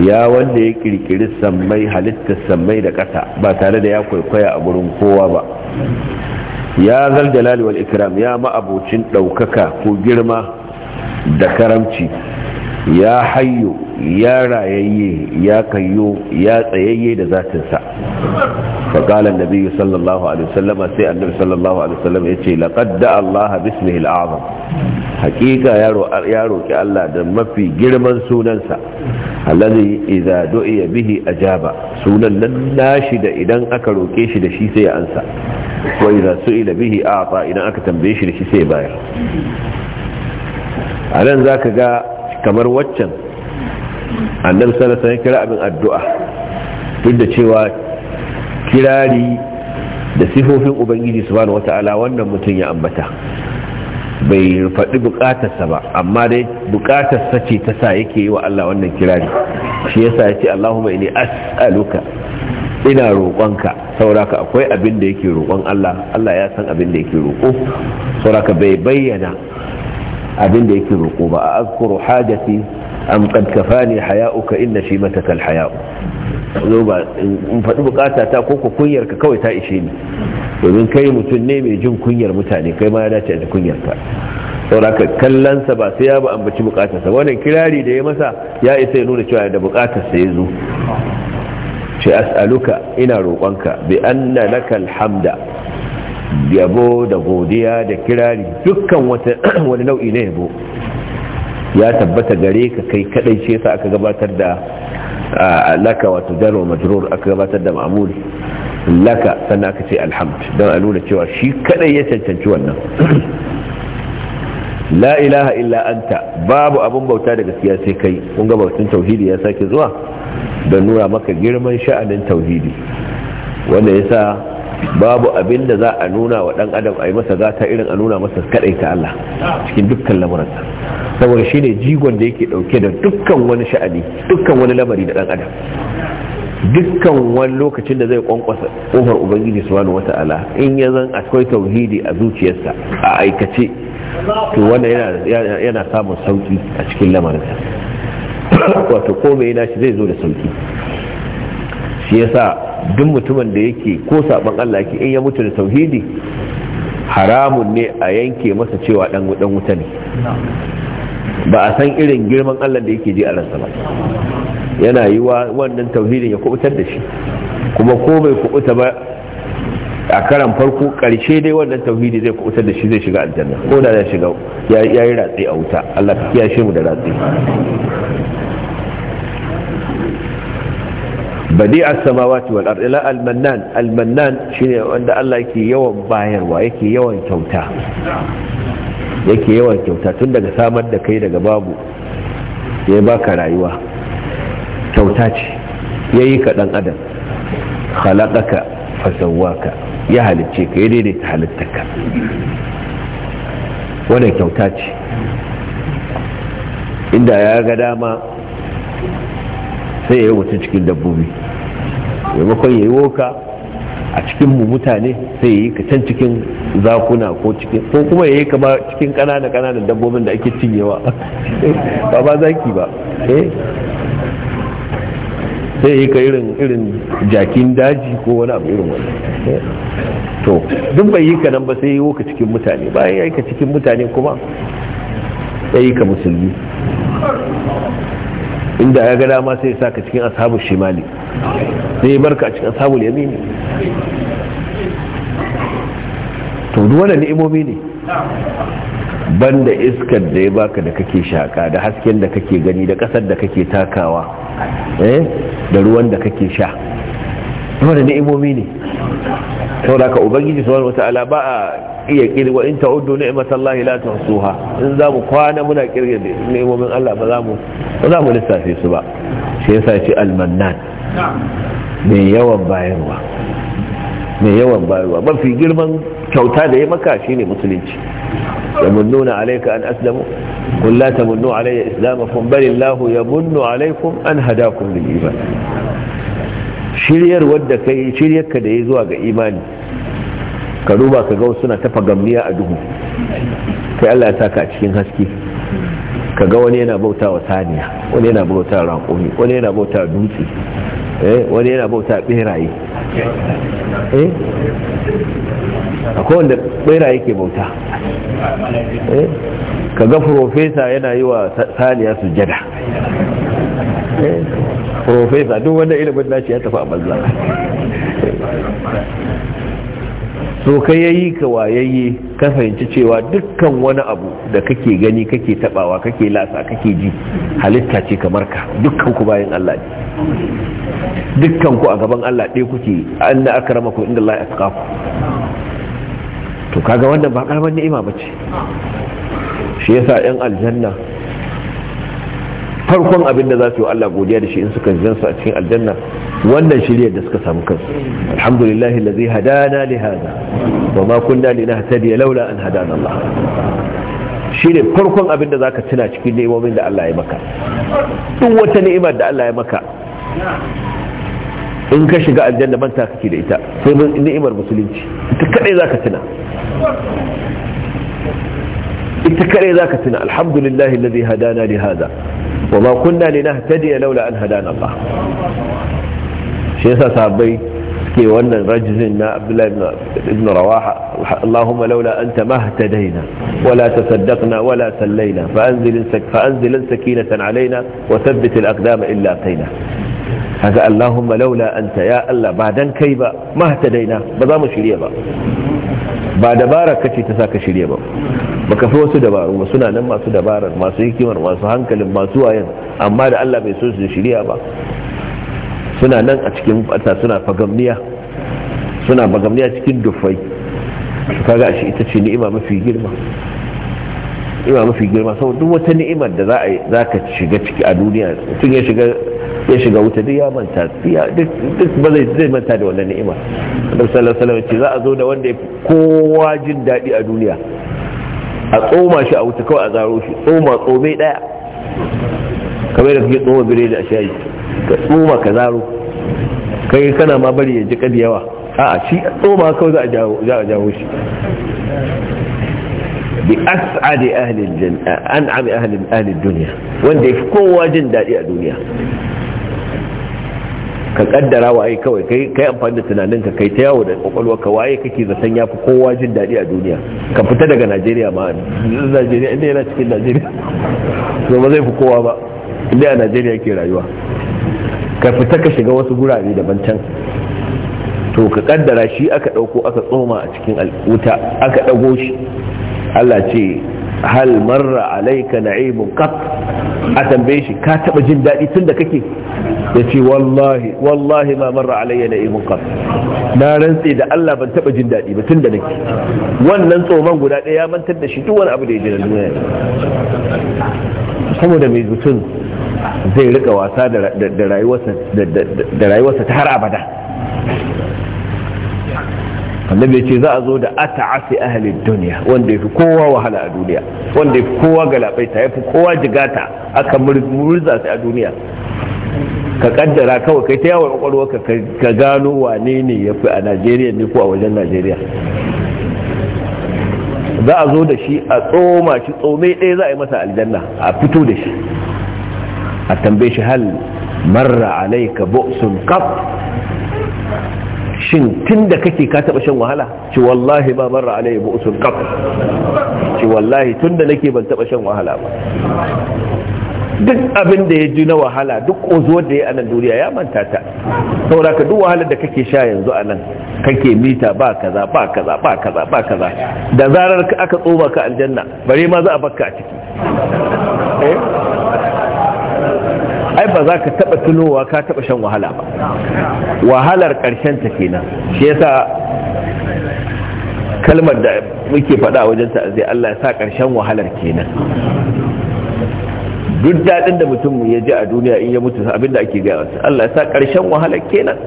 ya wanda ya kirkiri sammai halitta sammai da ƙasa ba tare da ya kwaikwaya a gurin kowa ba ya zal jalali wal ikram ya ma'abucin ɗaukaka ko girma da karamci ya hayyo ya rayayye ya kayyo ya tsayayye da zatinsa فقال النبي صلى الله عليه وسلم سي النبي صلى الله عليه وسلم يتي لقد دعا الله باسمه الأعظم حقيقة يارو كالله دم في جرما سوننسا الذي إذا دعي به أجاب سونا ناشد إذن أكلو كيشد شي سي أنسى وإذا سئل به أعطى إذن أكتم بيشد شي سي باير أنا ذاك جاء كمر وچن النبي صلى الله عليه وسلم كلا من الدعاء duk da cewa kirari da sifofin ubangiji subhanahu wata'ala wannan mutum ya ambata bai faɗi bukatarsa ba amma dai bukatarsa ce ta sa yake yi wa Allah wannan kirari shi yasa ya ce Allahumma inni as'aluka ina roƙonka sauraka akwai abin da yake roƙon Allah Allah ya san abin da yake roƙo sauraka bai bayyana abin da yake roƙo ba a azkuru hajati am qad kafani haya'uka inna shi matakal haya'u zo ba in faɗi bukata ta ko ku kunyar ka kawai ta ishe ni domin kai mutum ne mai jin kunyar mutane kai ma ya dace a kunyar ka Kallon sa ba sai ya ba ambaci bukatarsa wannan kirari da ya masa ya isa ya nuna cewa da sa ya zo ce as'aluka ina roƙonka bi anna lakal hamda yabo da godiya da kirari dukkan wani nau'i na yabo ya tabbata gare ka kai kadai ce sa aka gabatar da laka wato jaro majrur aka gabatar da ma'amul laka sannan aka ce alhamd don a nuna cewa shi kadai ya cancanci wannan la ilaha illa anta babu abun bauta da gaskiya sai kai kun ga tauhidi ya sake zuwa don nuna maka girman sha'anin tauhidi wanda yasa babu abin da za a nuna wa dan adam a yi masa gata irin a nuna masa kadai ta Allah cikin dukkan lamuransa saboda shi ne jigon da yake dauke da dukkan wani sha'ani dukkan wani lamari da dan adam dukkan wani lokacin da zai kwankwasa kofar ubangiji subhanahu wata'ala in ya zan akwai tauhidi a zuciyarsa a aikace to wannan yana yana samun sauki a cikin lamarinsa wato komai na shi zai zo da sauki shi yasa duk mutumin da yake ko saban Allah yake in ya mutu da tauhidi haramun ne a yanke masa cewa dan dan wuta ne ba a san irin girman Allah da yake ji a ransa ba yana yi wa wannan tauhidin ya kubutar da shi kuma ko bai kubuta ba a karan farko karshe dai wannan tauhidi zai kubutar da shi zai shiga aljanna ko da ya shiga ya yi ratsi a wuta Allah ya shi mu da ratsi badi'a samawati wal ardi la almannan shine wanda Allah yake yawan bayarwa yake yawan kyauta yake yawan kyauta tun daga samar da kai daga babu ya baka rayuwa kyauta ce yayi ka dan adam khalaqaka fasawwaka ya halicce ka ya daidaita halittarka wannan kyauta ce inda ya ga dama sai ya yi mutum cikin dabbobi maimakon ya yi woka a cikin mu mutane sai ya yi ka can cikin zakuna ko cikin ko kuma ya yi kama cikin kanana ƙananan dabbobin da ake cinyewa ba ba zaki ba eh. sai ya yi ka irin irin jakin daji ko wani abu irin wani eh. to duk bai yi ka nan ba sai ya yi woka cikin mutane bayan ya yi ka cikin mutane kuma sai yi ka musulmi inda ya ga dama sai sa ka cikin ashabul shimali sai ya barka a cikin ashabul yamini to duk wannan ni'imomi ne banda iskar da ya baka da kake shaka da hasken da kake gani da kasar da kake takawa eh da ruwan da kake sha wannan ni'imomi ne saboda ka ubangiji subhanahu wata'ala ba a iya kirwa in ta-uddo ta'uddu ni'matallahi la tuhsuha in za mu kwana muna kirga ni'imomin Allah ba za mu ba za mu lissafe su ba shi yasa ce almannan mai yawan bayarwa mai yawan bayarwa mafi girman kyauta da ya maka shine musulunci yamunnuna alayka an aslamu qul la tamunnu alayya islamakum bal illahu yamunnu alaykum an hadakum lil iman shiryar wadda kai shiryarka da ya zuwa ga imani ka duba ka ga suna tafa gamniya a duhu kai Allah ya ka a cikin haske ka ga wani yana bauta wa saniya wani yana bauta raƙumi wani yana bauta dutse eh, wani yana bauta beraye eh akwai wanda beraye ke bauta eh ka ga profesa yana yi wa saniya sujada profesa duk wanda ilimin nashi ya tafi a banza so ka yayi ka wayayye ka fahimci cewa dukkan wani abu da kake gani kake tabawa kake lasa kake ji halitta ce kamar ka dukkan ku bayan Allah ne dukkan ku a gaban Allah ɗaya kuke an da aka rama ku inda Allah ya ku to kaga wannan ba karamar ni'ima bace shi yasa yan aljanna farkon abin da za su yi wa Allah godiya da shi in suka jansu a cikin aljanna wannan shiryar da suka samu kansu alhamdulillah allazi hadana li hada wa ma kunna linahtadiya laula an hadana Allah shine farkon abin da zaka tuna cikin ni'imomin da Allah ya maka duk wata ni'imar da Allah ya maka in ka shiga aljanna ban manta kake da ita sai ni'imar musulunci ita kadai zaka tuna ita kadai zaka tuna alhamdulillah allazi hadana li hada وما كنا لنهتدي لولا أن هدانا الله شيخ صابي كي ولنا رجز عبد الله بن رواحة اللهم لولا أنت ما اهتدينا ولا تصدقنا ولا سلينا فأنزل, فأنزل سكينة علينا وثبت الأقدام إلا قينا هذا اللهم لولا أنت يا الله بعدا كيبا ما اهتدينا بضام شريبا ba dabara kace ta saka shirya ba baka fi wasu dabaru ba suna nan masu dabarar masu hikimar masu hankalin masu wayan amma da Allah bai so su shirya ba suna nan a cikin fata suna fagamniya suna bagamniya cikin dufai kaga shi ita ce ni'ima mafi girma ni'ima mafi girma saboda duk wata ni'imar da za a za ka shiga ciki a duniya tun ya shiga ya shiga wuta duk ya manta duk ba zai zai manta da wannan ni'ima annabi sallallahu alaihi wasallam ce za a zo da wanda ya kowa jin daɗi a duniya a tsoma shi a wuta kawai a zaro shi tsoma tsome daya kamar da kake tsoma biredi a shayi ka tsoma ka zaro kai kana ma bari ya ji kadi yawa a'a shi a tsoma kawai za a jawo za a jawo shi bi as'adi ahli al-janna an'am ahli ahli ad-dunya wanda kowa jin dadi a duniya ka kaddara waye kawai kai kai amfani da tunaninka kai ta yawo da kwakwalwarka waye kake zaton yafi kowa jin daɗi a duniya ka fita daga Najeriya ma Najeriya inda yana cikin Najeriya to ba zai fi kowa ba inda a Najeriya yake rayuwa ka fita ka shiga wasu gurare daban can to ka kaddara shi aka dauko aka tsoma a cikin wuta aka dago shi Allah ce hal marra alaika na'imun qat a tambaye shi ka taba jin daɗi tun da kake ya ce wallahi wallahi ma marra alayya na'imun qat na rantse da Allah ban taba jin daɗi ba tun da nake wannan tsoman guda ɗaya ya mantar da shi duk wani abu da ya ji na duniya saboda mai mutum zai rika wasa da rayuwarsa ta har abada annabi ya ce za a zo da ata'asi ahli duniya wanda yafi kowa wahala a duniya wanda yafi kowa galabaita yafi kowa jigata aka murza sai a duniya ka kaddara kawai kai ta yawon kwakwalwa ka gano wane ne yafi a Najeriya ne ko a wajen Najeriya za a zo da shi a tsoma shi tsome ɗaya za a yi masa aljanna a fito da shi a tambaye shi hal marra alaika bu'sun kaf. shin tun da kake ka taba shan wahala ci wallahi ba marra alayhi bu usul qat ci wallahi tun da nake ban taba shan wahala ba duk abin da ya ji na wahala duk ozo da ya anan duniya ya manta ta saboda ka duk wahalar da kake sha yanzu a nan, kake mita ba kaza ba kaza ba kaza ba kaza da zarar aka tsoma ka aljanna bare ma za a bakka a ciki eh? ai ba za ka taba tunowa ka taba shan wahala ba wahalar karshen ta kenan shi yasa kalmar da muke faɗa wajen ta zai Allah ya sa karshen wahalar kenan duk dadin da mutum ya ji a duniya in ya mutu abinda ake gaya wasu Allah ya sa ƙarshen wahalar kenan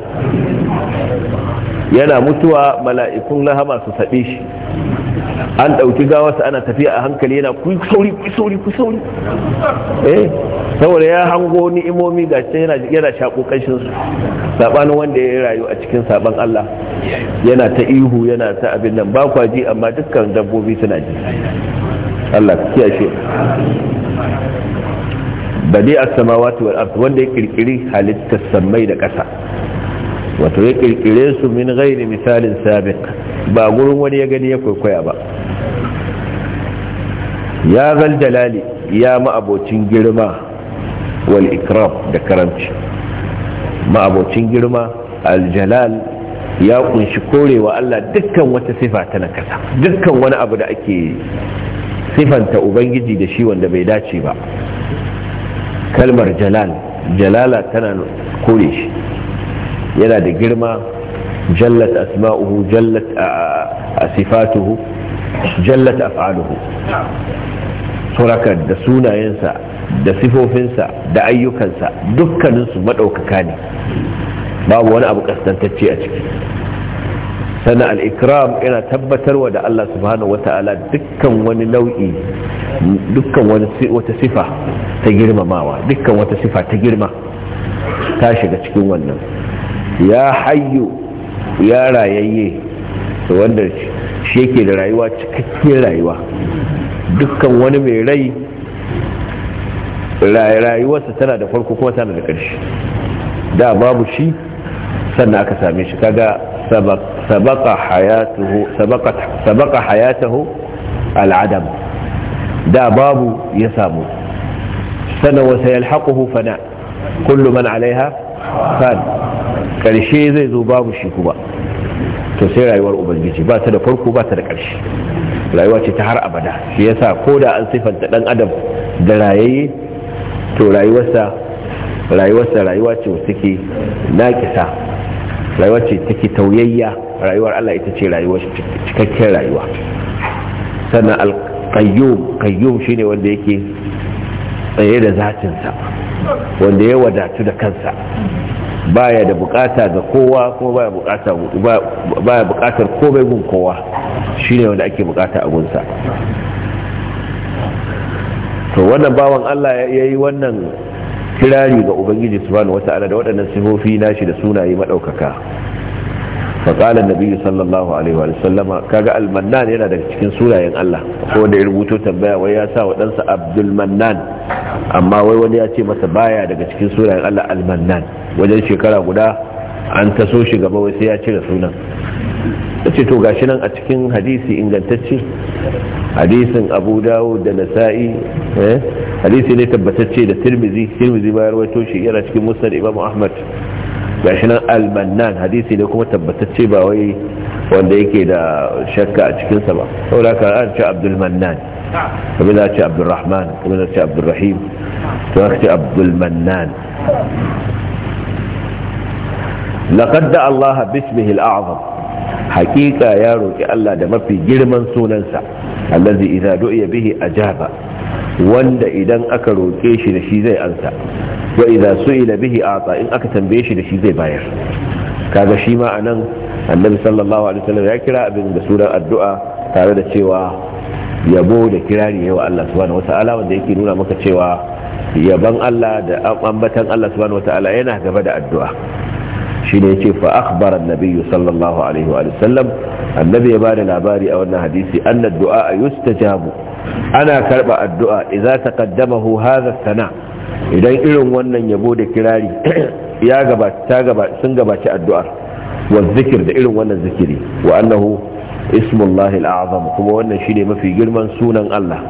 yana mutuwa mala'ikun lahama su saɓe shi an ɗauki gawarsa ana tafiya a hankali yana ku sauri ku sauri ku sauri eh saboda ya hango ni'imomi ga shi yana yana shako kashin su sabanin wanda ya rayu a cikin saban Allah yana ta ihu yana ta abin nan ba kwa ji amma dukkan dabbobi suna ji Allah ka kiyashe bade as-samawati wal ard wanda ya kirkiri halittar samai da ƙasa wato ya kirkire su min gairi misalin sabiq ba gurin wani ya gani ya kwaikwaya ba ya zal dalali ya ma'abocin girma wal ikram da karamci ma'abocin girma aljalal ya kunshi korewa Allah dukkan wata sifa ta nakasa dukkan wani abu da ake sifanta ubangiji da shi wanda bai dace ba kalmar jalal jalala tana kore shi yana da girma jallat asma'uhu jallat sifatuhu jallat af'aluhu suraka da sunayensa da sifofinsa da ayyukansa dukkaninsu maɗaukaka ne babu wani abu kastantacce a ciki sana Ikram yana tabbatarwa da Allah subhanahu wata'ala dukkan wani nau'i dukkan wata sifa ta girmamawa dukkan wata sifa ta girma ta shiga cikin wannan ya hayyu ya rayayye wanda shi yake da rayuwa cikakken rayuwa dukkan wani mai rai rayuwarsa tana da farko kuma tana da ƙarshe da babu shi sannan aka same shi kaga sabaka hayatahu al'adam da babu ya samu sannan wasa yalhaquhu fana kullu man alaiha kan karshe zai zo babu shi kuma to sai rayuwar ubangiji ba ta da farko ba ta da karshe rayuwa ce ta har abada shi yasa ko da an sifanta dan adam da rayayye to rayuwarsa rayuwarsa rayuwa ce take naƙisa rayuwa ce take tauyayya rayuwar Allah ita ce rayuwar cikakken rayuwa sannan al-qayyum qayyum shine wanda yake tsaye da zatinsa wanda ya wadatu da kansa baya da bukata ga kowa ko baya ya baya bukatar bai gun kowa Shi ne wanda ake bukata a gunsa to wannan bawan Allah ya yi wannan kirari ga ubangiji subhanahu wata'ala da waɗannan sifofi nashi da sunaye madaukaka fa qala sallallahu alaihi wa sallama kaga al-mannan yana daga cikin sunayen Allah ko da ya rubuto tambaya wai ya sa wa ɗansa amma wai wani ya ce masa baya daga cikin sunayen Allah almannan wajen shekara guda an taso shi gaba wai sai ya cire sunan ce to gashi nan a cikin hadisi ingantacce hadisin abu dawo da nasa'i eh, hadisi ne tabbatacce da tirmizi tirmizi bayar ya rawaito shi yana cikin musar imam ahmad gashi nan almannan hadisi ne kuma tabbatacce ba wai wanda yake da shakka a cikinsa ba saboda ka an abdul kabila ce abdurrahman kabila ce abdurrahim to aka ce abdulmannan laqad da Allah bismihi al-a'zam haƙiƙa ya roƙi Allah da mafi girman sunansa allazi idza du'iya bihi ajaba wanda idan aka roke shi da shi zai ansa wa idza su'ila bihi ata in aka tambaye shi da shi zai bayar kaga shi ma nan, annabi sallallahu alaihi ya kira abin da sunan addu'a tare da cewa yabo da kirari yawa Allah subhanahu wata'ala wanda yake nuna maka cewa yaban Allah da ambatan Allah subhanahu wata'ala yana gaba da addu'a shi ne ce fa akhbara annabiyyu sallallahu alaihi wa sallam annabi ya bada labari a wannan hadisi anna du'a yustajabu ana karba addu'a idza taqaddamahu hadha sana idan irin wannan yabo da kirari ya gaba sun gabaci addu'ar wa zikir da irin wannan zikiri wa annahu ismullahi al'azam kuma wannan shine mafi girman sunan Allah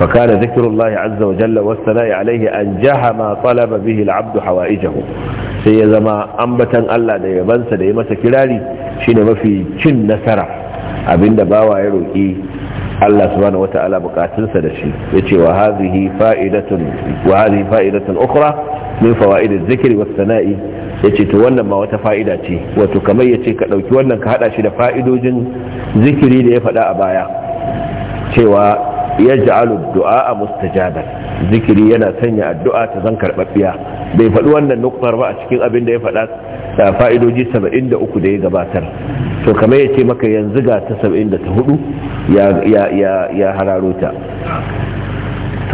فكان ذكر الله عز وجل a عليه أن جه ما طلب به العبد حوائجه sai ya zama ambatan Allah da yabansa da ya mata kirari shine mafi cin nasara abinda bawa ya roƙi Allah subhanahu wata'ala bukatunsa da shi Ya ce hadhihi fa'idatun wa hadhihi fa'idatun ukhra min fawaid adh-dhikri was ya ce to wannan ma wata fa'ida ce wato kamar ya ce ka ɗauki wannan ka haɗa shi da fa'idojin zikiri da ya faɗa a baya cewa ya ja'alu du'a a mustajabar zikiri yana sanya addu'a ta zan karɓaɓɓiya bai faɗi wannan nukfar ba a cikin abin da ya faɗa da fa'idoji 73 da ya gabatar to kamar ya ce maka yanzu ga ta 74 ya hararo ta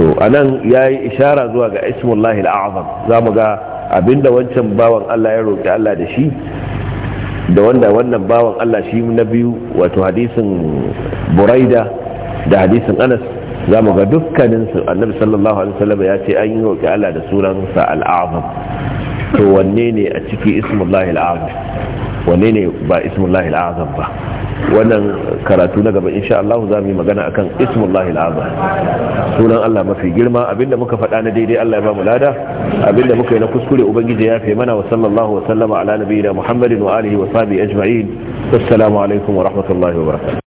to anan yayi ishara zuwa ga ismullahi al'azam zamu ga abinda wancan bawan Allah ya roki Allah da shi da wanda wannan bawan Allah shi na biyu wato hadisin Buraida da hadisin Anas zamu ga dukkanin su Annabi sallallahu alaihi wasallam ya ce an yi roki Allah da sunan sa al'azam to wanne ne a ciki ismullahi al'azam wanne ne ba ismullahi al'azam ba wannan karatu na gaba insha Allah za mu yi magana akan ismullahi al'azam sunan Allah mafi girma abinda muka faɗa na daidai Allah ya ba mu lada abinda muka yi na kuskure ubangiji ya fi mana wa sallallahu wa sallama ala nabiyina Muhammadin wa alihi wa sahbihi ajma'in assalamu alaikum wa rahmatullahi wa barakatuh